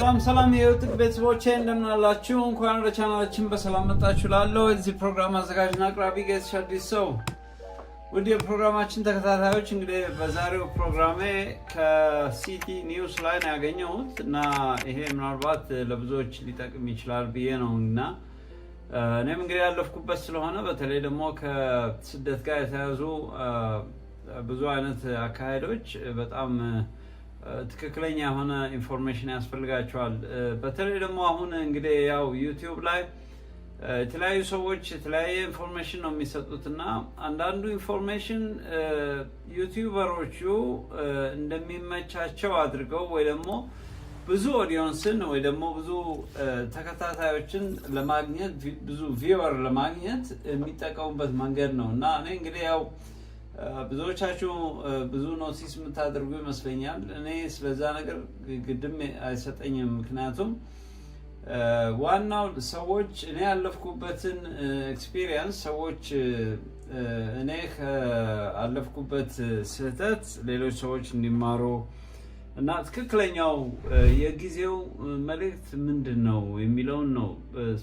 ሰላም ሰላም የውጥቅ ቤተሰቦቼ እንደምናላችሁ፣ እንኳን ወደ ቻናላችን በሰላም መጣችሁ። ላለው የዚህ ፕሮግራም አዘጋጅና አቅራቢ ጌትሽ አዲስ ሰው። ውድ የፕሮግራማችን ተከታታዮች እንግዲህ በዛሬው ፕሮግራሜ ከሲቲ ኒውስ ላይ ነው ያገኘሁት እና ይሄ ምናልባት ለብዙዎች ሊጠቅም ይችላል ብዬ ነው እና እኔም እንግዲህ ያለፍኩበት ስለሆነ በተለይ ደግሞ ከስደት ጋር የተያዙ ብዙ አይነት አካሄዶች በጣም ትክክለኛ የሆነ ኢንፎርሜሽን ያስፈልጋቸዋል። በተለይ ደግሞ አሁን እንግዲህ ያው ዩቲዩብ ላይ የተለያዩ ሰዎች የተለያየ ኢንፎርሜሽን ነው የሚሰጡት እና አንዳንዱ ኢንፎርሜሽን ዩቲዩበሮቹ እንደሚመቻቸው አድርገው ወይ ደግሞ ብዙ ኦዲየንስን ወይ ደግሞ ብዙ ተከታታዮችን ለማግኘት ብዙ ቪወር ለማግኘት የሚጠቀሙበት መንገድ ነው እና እኔ እንግዲህ ያው ብዙዎቻችሁ ብዙ ኖቲስ የምታደርጉ ይመስለኛል። እኔ ስለዛ ነገር ግድም አይሰጠኝም። ምክንያቱም ዋናው ሰዎች እኔ ያለፍኩበትን ኤክስፒሪየንስ ሰዎች እኔ ካለፍኩበት ስህተት ሌሎች ሰዎች እንዲማሩ እና ትክክለኛው የጊዜው መልእክት ምንድን ነው የሚለውን ነው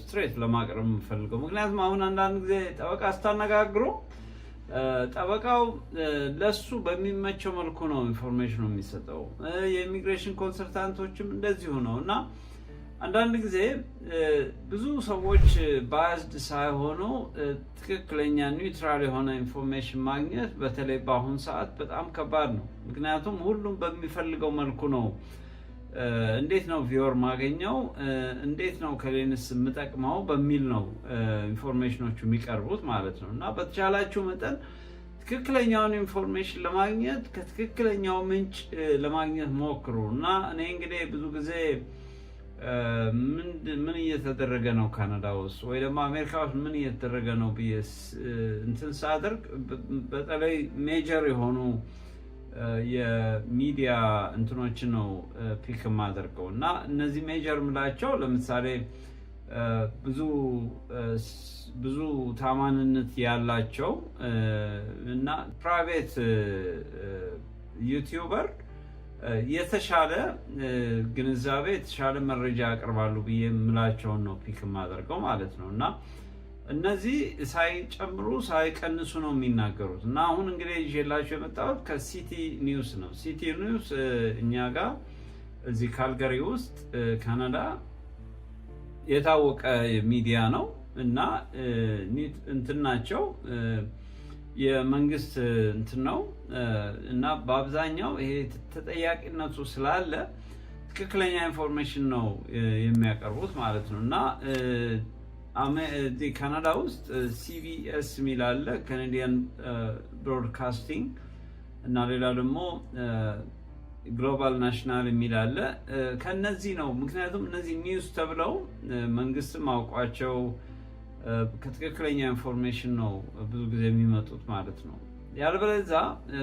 ስትሬት ለማቅረብ የምፈልገው። ምክንያቱም አሁን አንዳንድ ጊዜ ጠበቃ ስታነጋግሩ ጠበቃው ለሱ በሚመቸው መልኩ ነው ኢንፎርሜሽን የሚሰጠው። የኢሚግሬሽን ኮንሰልታንቶችም እንደዚሁ ነው እና አንዳንድ ጊዜ ብዙ ሰዎች ባያዝድ ሳይሆኑ ትክክለኛ ኒውትራል የሆነ ኢንፎርሜሽን ማግኘት በተለይ በአሁኑ ሰዓት በጣም ከባድ ነው። ምክንያቱም ሁሉም በሚፈልገው መልኩ ነው እንዴት ነው ቪወር ማገኘው፣ እንዴት ነው ከሌንስ የምጠቅመው በሚል ነው ኢንፎርሜሽኖቹ የሚቀርቡት ማለት ነው። እና በተቻላችሁ መጠን ትክክለኛውን ኢንፎርሜሽን ለማግኘት ከትክክለኛው ምንጭ ለማግኘት ሞክሩ። እና እኔ እንግዲህ ብዙ ጊዜ ምን እየተደረገ ነው ካናዳ ውስጥ ወይ ደግሞ አሜሪካ ውስጥ ምን እየተደረገ ነው ብዬ እንትን ሳደርግ በተለይ ሜጀር የሆኑ የሚዲያ እንትኖች ነው ፒክ የማደርገው እና እነዚህ ሜጀር ምላቸው ለምሳሌ ብዙ ብዙ ታማንነት ያላቸው እና ፕራይቬት ዩቲዩበር የተሻለ ግንዛቤ የተሻለ መረጃ ያቀርባሉ ብዬ ምላቸውን ነው ፒክ የማደርገው ማለት ነው እና እነዚህ ሳይጨምሩ ሳይቀንሱ ነው የሚናገሩት። እና አሁን እንግዲህ ይዤላችሁ የመጣሁት ከሲቲ ኒውስ ነው። ሲቲ ኒውስ እኛ ጋር እዚህ ካልገሪ ውስጥ ካናዳ የታወቀ ሚዲያ ነው እና እንትን ናቸው የመንግስት እንትን ነው እና በአብዛኛው ይሄ ተጠያቂነቱ ስላለ ትክክለኛ ኢንፎርሜሽን ነው የሚያቀርቡት ማለት ነው እና ካናዳ ውስጥ ሲቢኤስ የሚል አለ፣ ካናዲያን ብሮድካስቲንግ እና ሌላ ደግሞ ግሎባል ናሽናል የሚል አለ። ከነዚህ ነው ምክንያቱም እነዚህ ኒውስ ተብለው መንግስትም አውቋቸው ከትክክለኛ ኢንፎርሜሽን ነው ብዙ ጊዜ የሚመጡት ማለት ነው። ያለበለዛ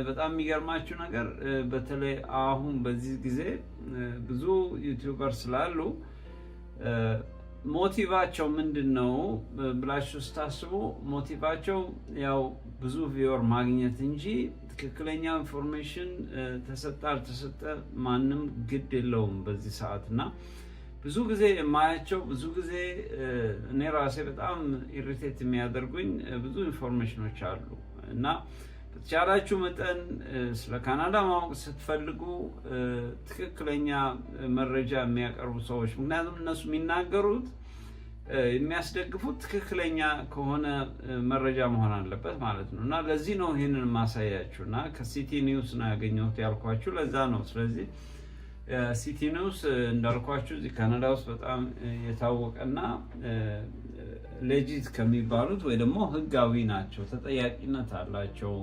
በጣም የሚገርማችሁ ነገር በተለይ አሁን በዚህ ጊዜ ብዙ ዩቲዩበር ስላሉ ሞቲቫቸው ምንድን ነው ብላችሁ ስታስቡ ሞቲቫቸው ያው ብዙ ቪወር ማግኘት እንጂ ትክክለኛ ኢንፎርሜሽን ተሰጠ አልተሰጠ ማንም ግድ የለውም በዚህ ሰዓት እና ብዙ ጊዜ የማያቸው ብዙ ጊዜ እኔ ራሴ በጣም ኢሪቴት የሚያደርጉኝ ብዙ ኢንፎርሜሽኖች አሉ እና በተቻላችሁ መጠን ስለ ካናዳ ማወቅ ስትፈልጉ ትክክለኛ መረጃ የሚያቀርቡ ሰዎች፣ ምክንያቱም እነሱ የሚናገሩት የሚያስደግፉት ትክክለኛ ከሆነ መረጃ መሆን አለበት ማለት ነው። እና ለዚህ ነው ይህንን ማሳያችሁ እና ከሲቲ ኒውስ ነው ያገኘሁት ያልኳችሁ ለዛ ነው። ስለዚህ ሲቲ ኒውስ እንዳልኳችሁ እዚህ ካናዳ ውስጥ በጣም የታወቀ እና ሌጂት ከሚባሉት ወይ ደግሞ ህጋዊ ናቸው፣ ተጠያቂነት አላቸው፣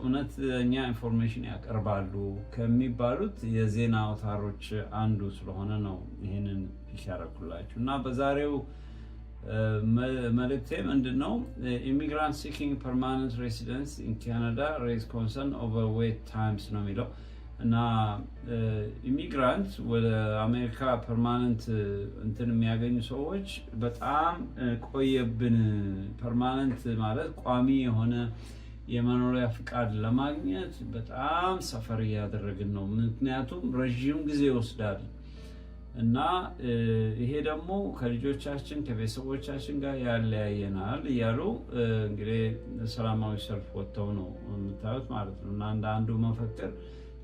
እውነተኛ ኢንፎርሜሽን ያቀርባሉ ከሚባሉት የዜና አውታሮች አንዱ ስለሆነ ነው ይህንን ይሻረኩላችሁ እና በዛሬው መልእክቴ ምንድን ነው ኢሚግራንት ሲኪንግ ፐርማነንት ሬሲደንስ ኢን ካናዳ ሬዝ ኮንሰርን ኦቨር ዌት ታይምስ ነው የሚለው እና ኢሚግራንት ወደ አሜሪካ ፐርማነንት እንትን የሚያገኙ ሰዎች በጣም ቆየብን። ፐርማነንት ማለት ቋሚ የሆነ የመኖሪያ ፍቃድ ለማግኘት በጣም ሰፈር እያደረግን ነው። ምክንያቱም ረዥም ጊዜ ይወስዳል እና ይሄ ደግሞ ከልጆቻችን ከቤተሰቦቻችን ጋር ያለያየናል እያሉ እንግዲህ ሰላማዊ ሰልፍ ወጥተው ነው የምታዩት ማለት ነው እና እንደ አንዱ መፈክር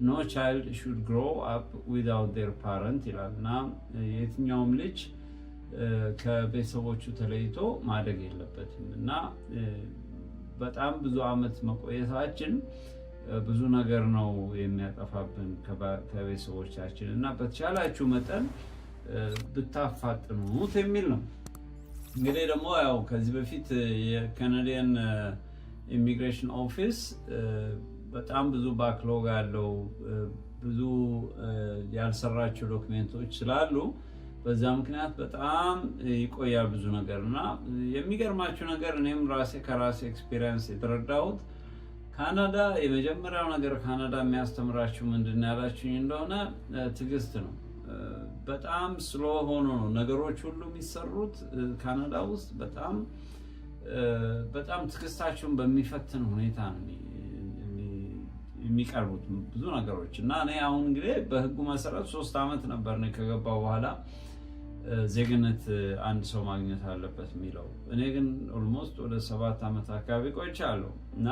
ኖ ቻይልድ ሹድ ግሮ አፕ ዊዛውት ዴር ፓረንት ይላል እና eh, የትኛውም ልጅ eh, ከቤተሰቦቹ ተለይቶ ማደግ የለበትም እና eh, በጣም ብዙ ዓመት መቆየታችን ብዙ ነገር ነው የሚያጠፋብን ከቤተሰቦቻችን እና በተቻላችሁ መጠን ብታፋጥኑት የሚል ነው። እንግዲህ ደግሞ ያው ከዚህ በፊት የካናዲያን ኢሚግሬሽን ኦፊስ በጣም ብዙ ባክሎግ አለው። ብዙ ያልሰራቸው ዶክሜንቶች ስላሉ በዛ ምክንያት በጣም ይቆያል ብዙ ነገር እና የሚገርማችሁ ነገር እኔም ራሴ ከራሴ ኤክስፔሪንስ የተረዳሁት ካናዳ የመጀመሪያው ነገር ካናዳ የሚያስተምራችሁ ምንድን ያላችሁኝ እንደሆነ ትዕግስት ነው። በጣም ስሎ ሆኖ ነው ነገሮች ሁሉ የሚሰሩት ካናዳ ውስጥ በጣም በጣም ትዕግስታችሁን በሚፈትን ሁኔታ ነው የሚቀርቡት ብዙ ነገሮች እና እኔ አሁን እንግዲህ በህጉ መሰረት ሶስት ዓመት ነበር እኔ ከገባ በኋላ ዜግነት አንድ ሰው ማግኘት አለበት የሚለው። እኔ ግን ኦልሞስት ወደ ሰባት ዓመት አካባቢ ቆይቻለሁ እና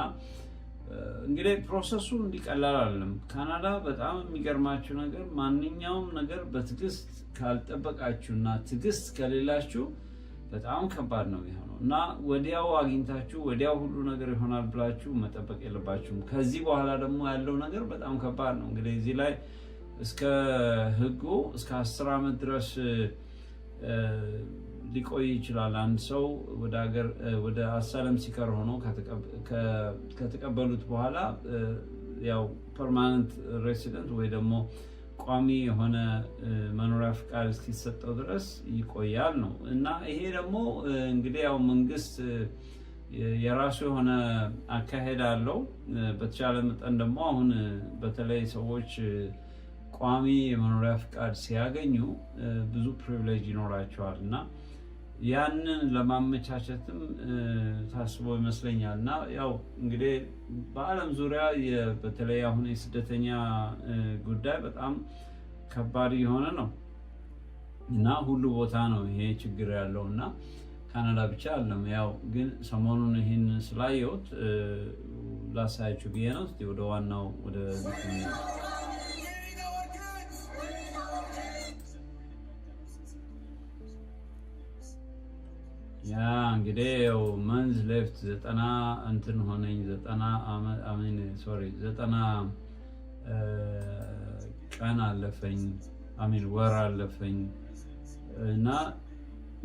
እንግዲህ ፕሮሰሱ እንዲቀላል አለም ካናዳ በጣም የሚገርማችሁ ነገር ማንኛውም ነገር በትዕግስት ካልጠበቃችሁ እና ትዕግስት ከሌላችሁ በጣም ከባድ ነው የሚሆነው እና ወዲያው አግኝታችሁ ወዲያው ሁሉ ነገር ይሆናል ብላችሁ መጠበቅ የለባችሁም። ከዚህ በኋላ ደግሞ ያለው ነገር በጣም ከባድ ነው። እንግዲህ እዚህ ላይ እስከ ህጉ እስከ አስር ዓመት ድረስ ሊቆይ ይችላል። አንድ ሰው ወደ አሳለም ሲከር ሆኖ ከተቀበሉት በኋላ ያው ፐርማነንት ሬሲደንት ወይ ደግሞ ቋሚ የሆነ መኖሪያ ፍቃድ እስኪሰጠው ድረስ ይቆያል ነው እና ይሄ ደግሞ እንግዲህ ያው መንግስት የራሱ የሆነ አካሄድ አለው። በተቻለ መጠን ደግሞ አሁን በተለይ ሰዎች ቋሚ የመኖሪያ ፍቃድ ሲያገኙ ብዙ ፕሪቪሌጅ ይኖራቸዋል እና ያንን ለማመቻቸትም ታስቦ ይመስለኛል። እና ያው እንግዲህ በዓለም ዙሪያ በተለይ አሁን የስደተኛ ጉዳይ በጣም ከባድ የሆነ ነው እና ሁሉ ቦታ ነው ይሄ ችግር ያለው እና ካናዳ ብቻ አለም። ያው ግን ሰሞኑን ይህን ስላየሁት ላሳያችሁ ብዬ ነው። ወደ ዋናው ወደ ያ እንግዲህ ያው መንዝ ሌፍት ዘጠና እንትን ሆነኝ ዘጠና አሜን ሶሪ ዘጠና ቀን አለፈኝ አሜን ወር አለፈኝ እና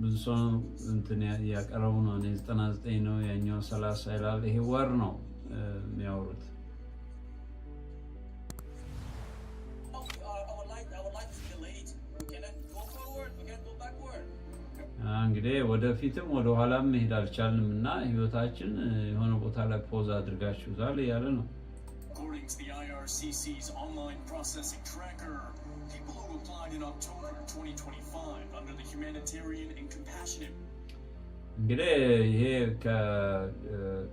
ብዙ ሰው እንትን ያቀረቡ ነው። ዘጠና ዘጠኝ ነው ያኛው ሰላሳ ይላል። ይሄ ወር ነው የሚያወሩት እንግዲህ ወደፊትም ወደኋላም መሄድ አልቻልንም እና ህይወታችን የሆነ ቦታ ላይ ፖዝ አድርጋችሁታል እያለ ነው። እንግዲህ ይሄ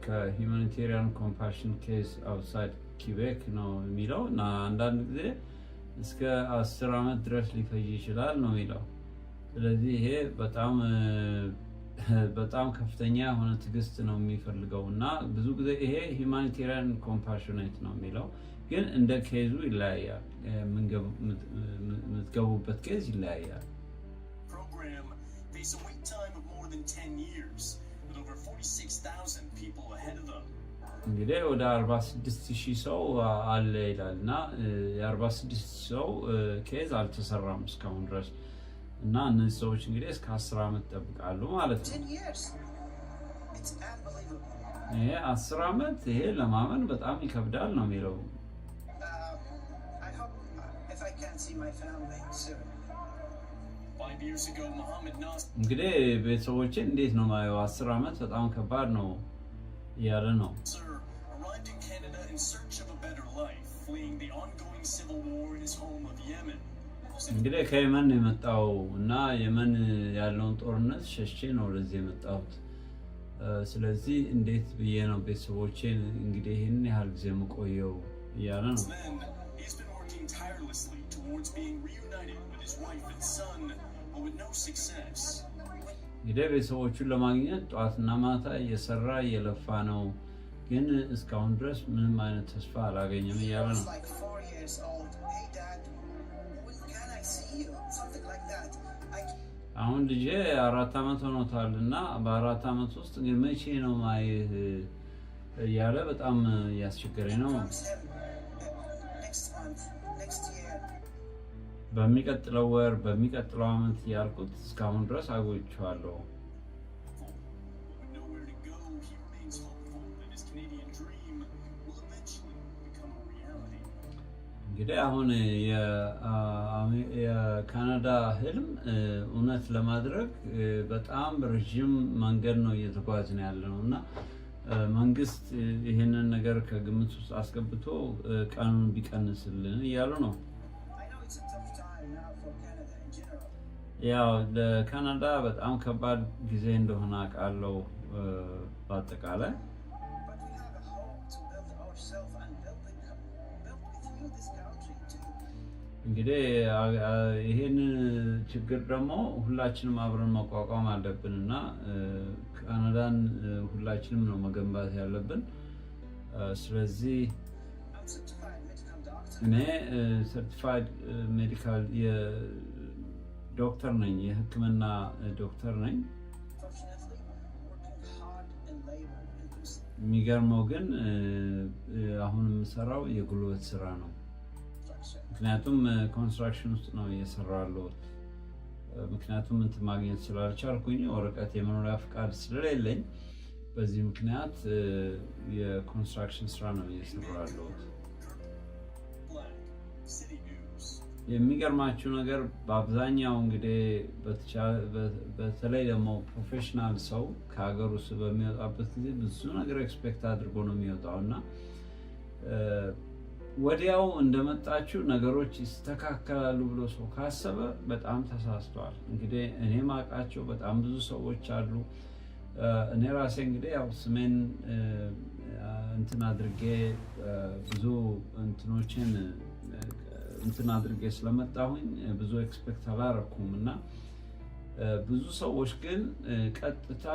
ከሂውማኒቴሪያን ኮምፓሽን ኬስ አውትሳይድ ኪቤክ ነው የሚለው እና አንዳንድ ጊዜ እስከ አስር ዓመት ድረስ ሊፈጅ ይችላል ነው የሚለው ስለዚህ ይሄ በጣም በጣም ከፍተኛ የሆነ ትዕግስት ነው የሚፈልገው እና ብዙ ጊዜ ይሄ ሂውማኒቴሪያን ኮምፓሽኔት ነው የሚለው ግን እንደ ኬዙ ይለያያል። የምትገቡበት ኬዝ ይለያያል። እንግዲህ ወደ ሺህ ሰው አለ ይላል እና የ 46 ሰው ኬዝ አልተሰራም እስካሁን ድረስ እና እነዚህ ሰዎች እንግዲህ እስከ አስር ዓመት ይጠብቃሉ ማለት ነው። ይሄ አስር ዓመት ይሄ ለማመን በጣም ይከብዳል ነው የሚለው። um, uh, እንግዲህ ቤተሰቦችን እንዴት ነው ማየው? አስር ዓመት በጣም ከባድ ነው እያለ ነው። in search of a better life, fleeing the ongoing civil war in his home of Yemen. እንግዲህ ከየመን ነው የመጣው እና የመን ያለውን ጦርነት ሸሼ ነው ወደዚህ የመጣሁት። ስለዚህ እንዴት ብዬ ነው ቤተሰቦቼን እንግዲህ ይህን ያህል ጊዜ የምቆየው እያለ ነው። እንግዲህ ቤተሰቦቹን ለማግኘት ጠዋትና ማታ እየሰራ እየለፋ ነው፣ ግን እስካሁን ድረስ ምንም አይነት ተስፋ አላገኘም እያለ ነው አሁን ልጄ አራት ዓመት ሆኖታል እና በአራት ዓመት ውስጥ መቼ ነው ማየህ እያለ በጣም እያስቸገረኝ ነው። uh, በሚቀጥለው ወር፣ በሚቀጥለው ዓመት እያልኩት እስካሁን ድረስ አጎችዋለሁ። እንግዲህ አሁን የካናዳ ህልም እውነት ለማድረግ በጣም ረዥም መንገድ ነው ነው ያለ ነው እና መንግስት ይህንን ነገር ከግምት ውስጥ አስገብቶ ቀኑን ቢቀንስልን እያሉ ነው። ያው ለካናዳ በጣም ከባድ ጊዜ እንደሆነ አውቃለሁ። በአጠቃላይ እንግዲህ ይሄንን ችግር ደግሞ ሁላችንም አብረን መቋቋም አለብን እና ካናዳን ሁላችንም ነው መገንባት ያለብን። ስለዚህ እኔ ሰርቲፋይድ ሜዲካል ዶክተር ነኝ፣ የሕክምና ዶክተር ነኝ። የሚገርመው ግን አሁን የምሰራው የጉልበት ስራ ነው። ምክንያቱም ኮንስትራክሽን ውስጥ ነው እየሰራሉ። ምክንያቱም እንትን ማግኘት ስላልቻልኩኝ ወረቀት የመኖሪያ ፍቃድ ስለሌለኝ በዚህ ምክንያት የኮንስትራክሽን ስራ ነው እየሰራሉ። የሚገርማችው የሚገርማችሁ ነገር በአብዛኛው እንግዲህ በተለይ ደግሞ ፕሮፌሽናል ሰው ከሀገር ውስጥ በሚወጣበት ጊዜ ብዙ ነገር ኤክስፔክት አድርጎ ነው የሚወጣው እና ወዲያው እንደመጣችሁ ነገሮች ይስተካከላሉ ብሎ ሰው ካሰበ በጣም ተሳስቷል። እንግዲህ እኔ ማውቃቸው በጣም ብዙ ሰዎች አሉ። እኔ ራሴ እንግዲህ ያው ስሜን እንትን አድርጌ ብዙ እንትኖችን እንትን አድርጌ ስለመጣሁኝ ብዙ ኤክስፔክት አላረኩም እና ብዙ ሰዎች ግን ቀጥታ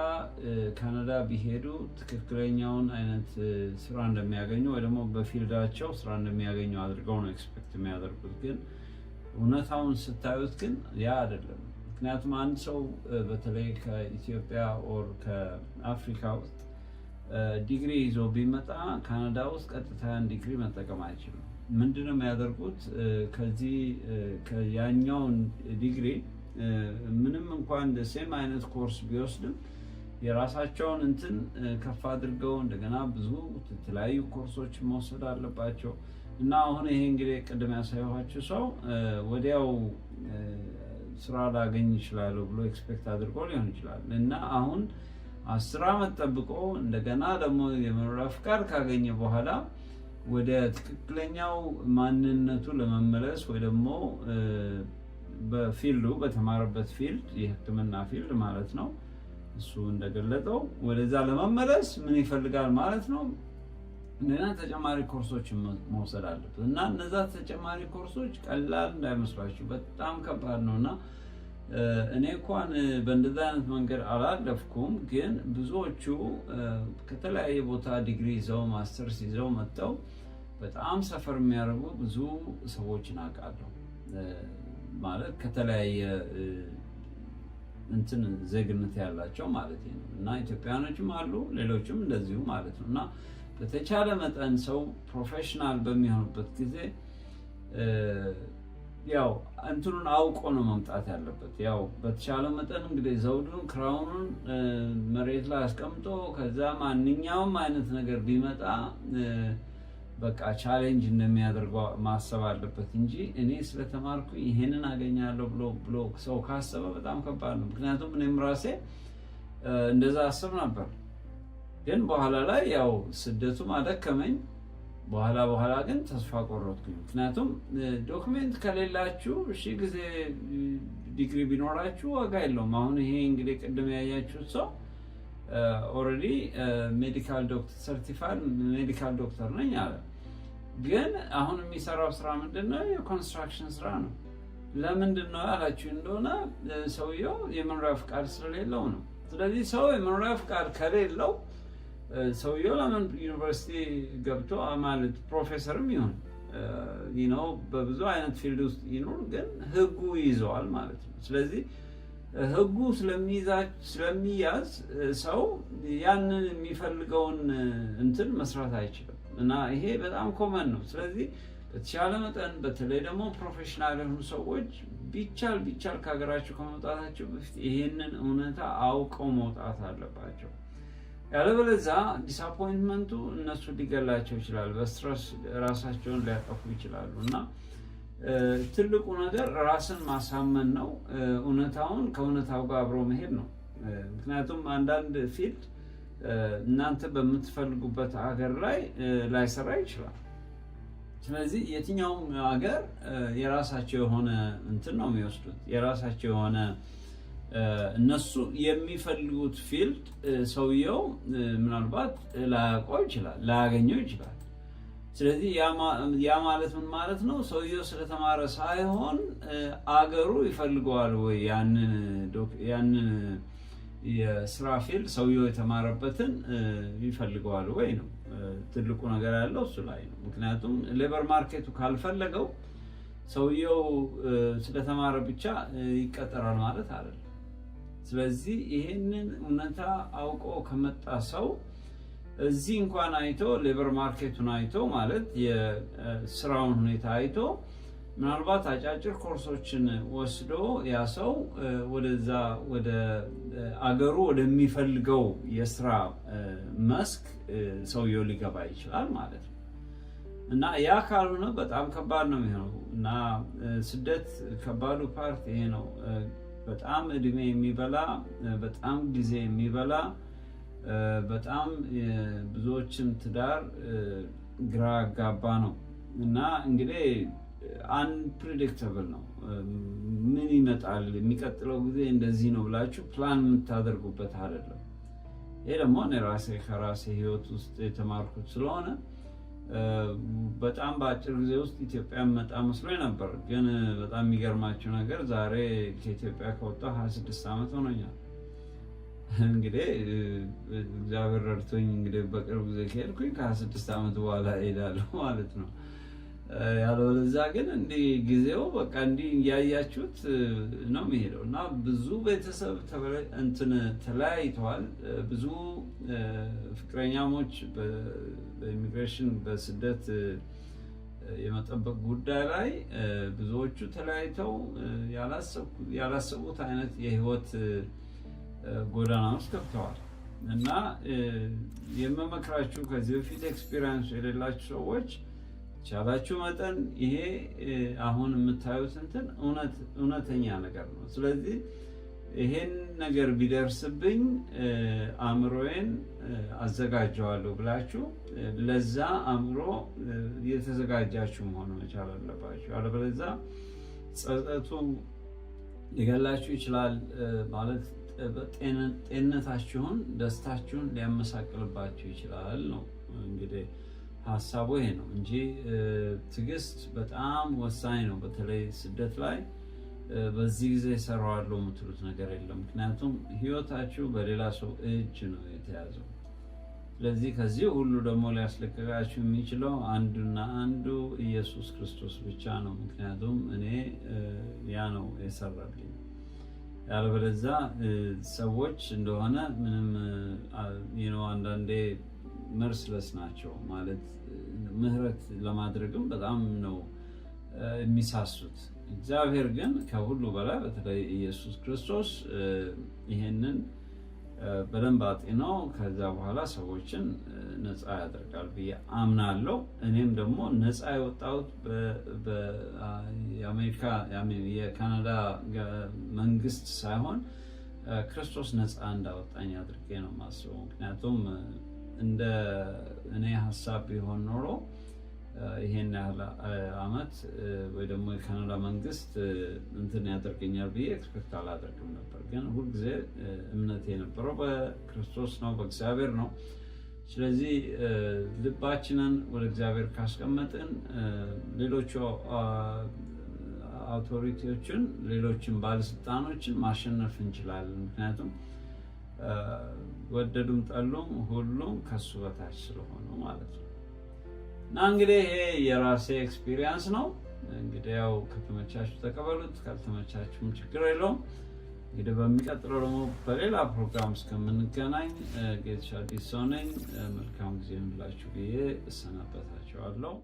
ካናዳ ቢሄዱ ትክክለኛውን አይነት ስራ እንደሚያገኙ ወይ ደግሞ በፊልዳቸው ስራ እንደሚያገኙ አድርገው ነው ኤክስፔክት የሚያደርጉት። ግን እውነታውን ስታዩት ግን ያ አይደለም። ምክንያቱም አንድ ሰው በተለይ ከኢትዮጵያ ኦር ከአፍሪካ ውስጥ ዲግሪ ይዞ ቢመጣ ካናዳ ውስጥ ቀጥታ ያን ዲግሪ መጠቀም አይችልም። ምንድነው የሚያደርጉት ከዚህ ያኛውን ዲግሪ ምንም እንኳን ሴም አይነት ኮርስ ቢወስድም የራሳቸውን እንትን ከፍ አድርገው እንደገና ብዙ የተለያዩ ኮርሶች መውሰድ አለባቸው እና አሁን ይሄ እንግዲህ ቅድም ያሳየኋቸው ሰው ወዲያው ስራ ላገኝ ይችላሉ ብሎ ኤክስፔክት አድርጎ ሊሆን ይችላል እና አሁን አስር ዓመት ጠብቆ እንደገና ደግሞ የመኖሪያ ፍቃድ ካገኘ በኋላ ወደ ትክክለኛው ማንነቱ ለመመለስ ወይ ደግሞ በፊልዱ በተማረበት ፊልድ የህክምና ፊልድ ማለት ነው። እሱ እንደገለጠው ወደዛ ለመመለስ ምን ይፈልጋል ማለት ነው? እንደና ተጨማሪ ኮርሶች መውሰድ አለበት እና እነዛ ተጨማሪ ኮርሶች ቀላል እንዳይመስሏችሁ በጣም ከባድ ነው እና እኔ እንኳን በእንደዚ አይነት መንገድ አላለፍኩም፣ ግን ብዙዎቹ ከተለያየ ቦታ ዲግሪ ይዘው ማስተርስ ይዘው መጥተው በጣም ሰፈር የሚያደርጉ ብዙ ሰዎች እናውቃለሁ። ማለት ከተለያየ እንትን ዜግነት ያላቸው ማለት ነው እና ኢትዮጵያኖችም አሉ፣ ሌሎችም እንደዚሁ ማለት ነው እና በተቻለ መጠን ሰው ፕሮፌሽናል በሚሆንበት ጊዜ ያው እንትኑን አውቆ ነው መምጣት ያለበት። ያው በተቻለ መጠን እንግዲህ ዘውዱን ክራውኑን መሬት ላይ አስቀምጦ ከዛ ማንኛውም አይነት ነገር ቢመጣ በቃ ቻሌንጅ እንደሚያደርገው ማሰብ አለበት እንጂ እኔ ስለተማርኩ ይሄንን አገኛለሁ ብሎ ብሎ ሰው ካሰበ በጣም ከባድ ነው። ምክንያቱም እኔም ራሴ እንደዛ አስብ ነበር፣ ግን በኋላ ላይ ያው ስደቱም አደከመኝ። በኋላ በኋላ ግን ተስፋ ቆረጥኩኝ። ምክንያቱም ዶክሜንት ከሌላችሁ እሺ፣ ጊዜ ዲግሪ ቢኖራችሁ ዋጋ የለውም። አሁን ይሄ እንግዲህ ቅድም ያያችሁት ሰው ኦልሬዲ ሜዲካል ዶክተር ሰርቲፋይድ ሜዲካል ዶክተር ነኝ አለ። ግን አሁን የሚሰራው ስራ ምንድነው? የኮንስትራክሽን ስራ ነው። ለምንድን ነው ያላችሁ እንደሆነ ሰውየው የመኖሪያ ፍቃድ ስለሌለው ነው። ስለዚህ ሰው የመኖሪያ ፍቃድ ከሌለው ሰውየው ለምን ዩኒቨርሲቲ ገብቶ ማለት ፕሮፌሰርም ይሁን ነው በብዙ አይነት ፊልድ ውስጥ ይኖር፣ ግን ህጉ ይዘዋል ማለት ነው። ስለዚህ ህጉ ስለሚያዝ ሰው ያንን የሚፈልገውን እንትን መስራት አይችልም። እና ይሄ በጣም ኮመን ነው። ስለዚህ በተቻለ መጠን በተለይ ደግሞ ፕሮፌሽናል የሆኑ ሰዎች ቢቻል ቢቻል ከሀገራቸው ከመውጣታቸው በፊት ይሄንን እውነታ አውቀው መውጣት አለባቸው። ያለበለዛ ዲስአፖይንትመንቱ እነሱ ሊገላቸው ይችላል። በስትረስ ራሳቸውን ሊያጠፉ ይችላሉ እና ትልቁ ነገር ራስን ማሳመን ነው። እውነታውን ከእውነታው ጋር አብሮ መሄድ ነው። ምክንያቱም አንዳንድ ፊልድ እናንተ በምትፈልጉበት ሀገር ላይ ላይሰራ ይችላል። ስለዚህ የትኛውም ሀገር የራሳቸው የሆነ እንትን ነው የሚወስዱት፣ የራሳቸው የሆነ እነሱ የሚፈልጉት ፊልድ ሰውየው ምናልባት ላያውቀው ይችላል፣ ላያገኘው ይችላል። ስለዚህ ያ ማለት ምን ማለት ነው? ሰውየው ስለተማረ ሳይሆን አገሩ ይፈልገዋል ወይ ያንን የስራፊል ሰውየው የተማረበትን ይፈልገዋል ወይ ነው ትልቁ ነገር ያለው እሱ ላይ ነው። ምክንያቱም ሌበር ማርኬቱ ካልፈለገው ሰውየው ስለተማረ ብቻ ይቀጠራል ማለት አይደለም። ስለዚህ ይህንን እውነታ አውቆ ከመጣ ሰው እዚህ እንኳን አይቶ ሌበር ማርኬቱን አይቶ ማለት የስራውን ሁኔታ አይቶ ምናልባት አጫጭር ኮርሶችን ወስዶ ያ ሰው ወደዛ ወደ አገሩ ወደሚፈልገው የስራ መስክ ሰውየው ሊገባ ይችላል ማለት ነው። እና ያ ካልሆነ በጣም ከባድ ነው የሚሆነው። እና ስደት ከባዱ ፓርት ይሄ ነው። በጣም እድሜ የሚበላ በጣም ጊዜ የሚበላ በጣም ብዙዎችም ትዳር ግራ ጋባ ነው እና እንግዲህ አንፕሪዲክተብል ነው። ምን ይመጣል የሚቀጥለው ጊዜ እንደዚህ ነው ብላችሁ ፕላን የምታደርጉበት አይደለም። ይሄ ደግሞ እኔ ራሴ ከራሴ ህይወት ውስጥ የተማርኩት ስለሆነ በጣም በአጭር ጊዜ ውስጥ ኢትዮጵያ መጣ መስሎ ነበር። ግን በጣም የሚገርማችሁ ነገር ዛሬ ከኢትዮጵያ ከወጣ 26 ዓመት ሆኖኛል። እንግዲህ እግዚአብሔር ረድቶኝ እንግዲህ በቅርብ ጊዜ ከሄድኩኝ ከ26 ዓመት በኋላ እሄዳለሁ ማለት ነው። ያለበለዚያ ግን እንዲህ ጊዜው በቃ እንዲህ እያያችሁት ነው የሚሄደው እና ብዙ ቤተሰብ እንትን ተለያይተዋል። ብዙ ፍቅረኛሞች በኢሚግሬሽን በስደት የመጠበቅ ጉዳይ ላይ ብዙዎቹ ተለያይተው ያላሰቡት አይነት የህይወት ጎዳና ውስጥ ገብተዋል እና የመመክራችሁ ከዚህ በፊት ኤክስፒሪንስ የሌላችሁ ሰዎች ቻላችሁ መጠን ይሄ አሁን የምታዩት እንትን እውነተኛ ነገር ነው። ስለዚህ ይሄን ነገር ቢደርስብኝ አእምሮዬን አዘጋጀዋለሁ ብላችሁ ለዛ አእምሮ የተዘጋጃችሁ መሆን መቻል አለባችሁ። አለበለዛ ጸጸቱ ሊገላችሁ ይችላል። ማለት ጤንነታችሁን፣ ደስታችሁን ሊያመሳቅልባችሁ ይችላል ነው እንግዲህ ሀሳቡ ይሄ ነው እንጂ ትዕግስት በጣም ወሳኝ ነው። በተለይ ስደት ላይ በዚህ ጊዜ እሰራዋለሁ የምትሉት ነገር የለም። ምክንያቱም ህይወታችሁ በሌላ ሰው እጅ ነው የተያዘው። ስለዚህ ከዚህ ሁሉ ደግሞ ሊያስለቀቃችሁ የሚችለው አንዱና አንዱ ኢየሱስ ክርስቶስ ብቻ ነው። ምክንያቱም እኔ ያ ነው የሰራልኝ። ያለበለዛ ሰዎች እንደሆነ ምንም አንዳንዴ መርስለስ ናቸው ማለት ምህረት ለማድረግም በጣም ነው የሚሳሱት። እግዚአብሔር ግን ከሁሉ በላይ በተለይ ኢየሱስ ክርስቶስ ይሄንን በደንብ ነው ከዛ በኋላ ሰዎችን ነፃ ያደርጋል ብዬ አምናለሁ። እኔም ደግሞ ነፃ የወጣሁት የአሜሪካ የካናዳ መንግስት ሳይሆን ክርስቶስ ነፃ እንዳወጣኝ አድርጌ ነው የማስበው። ምክንያቱም እንደ እኔ ሀሳብ ቢሆን ኖሮ ይሄን ያህል አመት ወይ ደግሞ የካናዳ መንግስት እንትን ያደርገኛል ብዬ ኤክስፔክት አላደርግም ነበር። ግን ሁልጊዜ እምነት የነበረው በክርስቶስ ነው፣ በእግዚአብሔር ነው። ስለዚህ ልባችንን ወደ እግዚአብሔር ካስቀመጥን ሌሎቹ አውቶሪቲዎችን፣ ሌሎችን ባለስልጣኖችን ማሸነፍ እንችላለን። ምክንያቱም ወደዱም ጠሉም ሁሉም ከሱ በታች ስለሆኑ ማለት ነው። እና እንግዲህ ይሄ የራሴ ኤክስፒሪየንስ ነው። እንግዲህ ያው ከተመቻችሁ ተቀበሉት፣ ካልተመቻችሁም ችግር የለውም። እንግዲህ በሚቀጥለው ደግሞ በሌላ ፕሮግራም እስከምንገናኝ ጌትሽ አዲስ ሰው ነኝ። መልካም ጊዜ ምላችሁ ብዬ እሰናበታችኋለሁ።